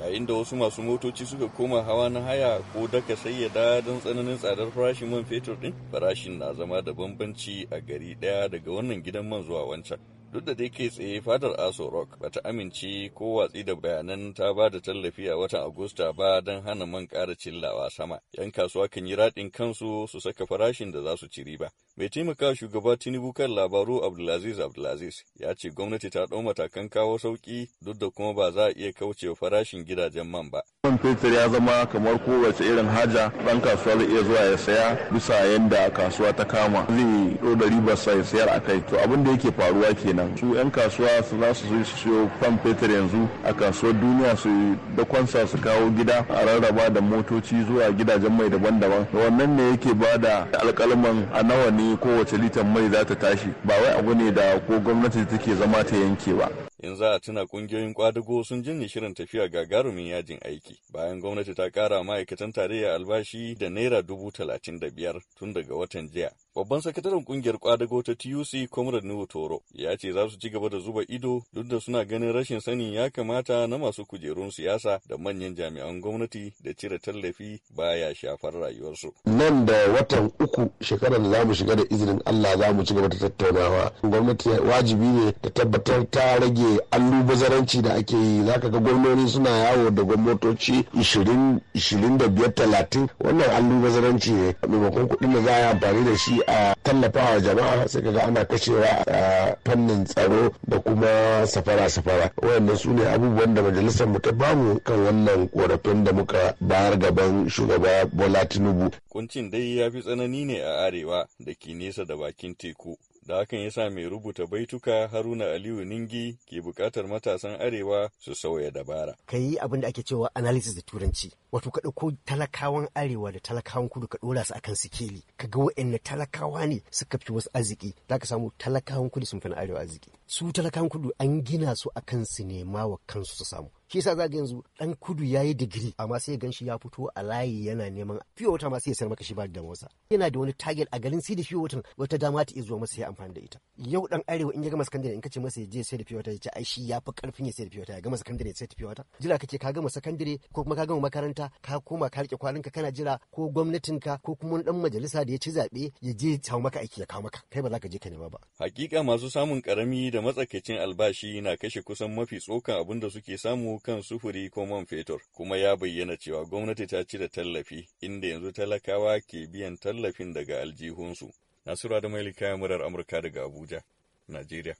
yayin da wasu masu motoci suka koma hawa na haya ko daka sayyada don tsananin tsadar farashin man fetur din farashin na zama da bambanci a gari daya daga wannan gidan man zuwa wancan duk da dai tsaye fadar aso rock bata amince ko watsi da bayanan ta ba da tallafi a watan agusta ba don hana man kara cillawa sama yan kasuwa kan yi raɗin kansu su saka farashin da za su ci riba mai taimaka shugaba tinubu kan labaru abdulaziz abdulaziz ya ce gwamnati ta ɗau matakan kawo sauƙi duk da kuma ba za a iya kaucewa farashin gidajen man ba man fetur ya zama kamar kowace irin haja dan kasuwa zai iya zuwa ya saya bisa yadda kasuwa ta kama zai hiddo da riba sai sayar a kai to abin da yake faruwa kenan su 'yan kasuwa su za su zo su siyo fan fetur yanzu a kasuwar duniya su da kwansa su kawo gida a rarraba da motoci zuwa gidajen mai daban-daban wannan ne yake ba da alkalman a nawa ne kowace litan mai za ta tashi ba wai abu ne da ko gwamnati take zama ta yanke ba in za a tuna kungiyoyin kwadugo sun janye shirin tafiya gagarumin yajin aiki bayan gwamnati ta kara ma'aikatan tarayya albashi da naira dubu talatin da biyar tun daga watan jiya babban sakataren kungiyar kwadago ta tuc comrade nuhu toro ya ce za su ci gaba da zuba ido duk da suna ganin rashin sani ya kamata na masu kujerun siyasa da manyan jami'an gwamnati da cire tallafi baya shafar rayuwarsu nan da watan uku shekarar da za mu shiga da izinin allah za mu ci gaba da tattaunawa gwamnati wajibi ne ta tabbatar ta rage allu allubazaranci da ake yi zaka ga gwamnoni suna yawo da gwamnatoci 25-30 wannan allubazaranci ne maimakon kuɗin da za a yi amfani da shi a tallafawa jama'a sai ka ga ana kashewa a fannin tsaro da kuma safara-safara wayannan su ne abubuwan da majalisar mu ta bamu kan wannan korafin da muka bayar gaban shugaba bola tinubu kuncin dai ya fi tsanani ne a arewa da ke nesa da bakin teku da hakan ya sa mai rubuta baituka haruna aliyu ningi ke bukatar matasan arewa su sauya dabara ka yi abin da ake cewa analysis da turanci wato ka ɗauko talakawan arewa da talakawan kudu ka ɗora su akan sikeli ka ga wa'anne talakawa ne suka fi wasu arziki za ka samu talakawan kudu sun fi na arewa arziki su talakawan kudu an gina su akan su nema wa kansu su samu shi yasa za ga yanzu dan kudu yayi digiri amma sai gan shi ya fito a layi yana neman fiye wata masu ya sayar maka shi ba da motsa yana da wani target a garin sai da fiye wata wata dama ta zuwa masa ya amfani da ita yau dan arewa in ya gama sakandare in ce masa ya je sai da fiye wata ya ce ai shi ya fi karfin ya sai da fiye wata ya gama sakandare sai da fiye wata jira kake ka gama sakandare ko kuma ka gama makaranta ka koma ka rike ka kana jira ko gwamnatinka ko kuma wani dan majalisa da ya ci zaɓe ya je ya maka aiki ya kawo maka kai ba za ka je ka nema ba. Hakika masu samun karami da matsakaicin albashi na kashe kusan mafi tsokan abin da suke samu kan sufuri ko man fetur kuma ya bayyana cewa gwamnati ta ci da tallafi inda yanzu talakawa ke biyan tallafin daga aljihunsu. nasiru da Mailika murar Amurka daga Abuja, Najeriya.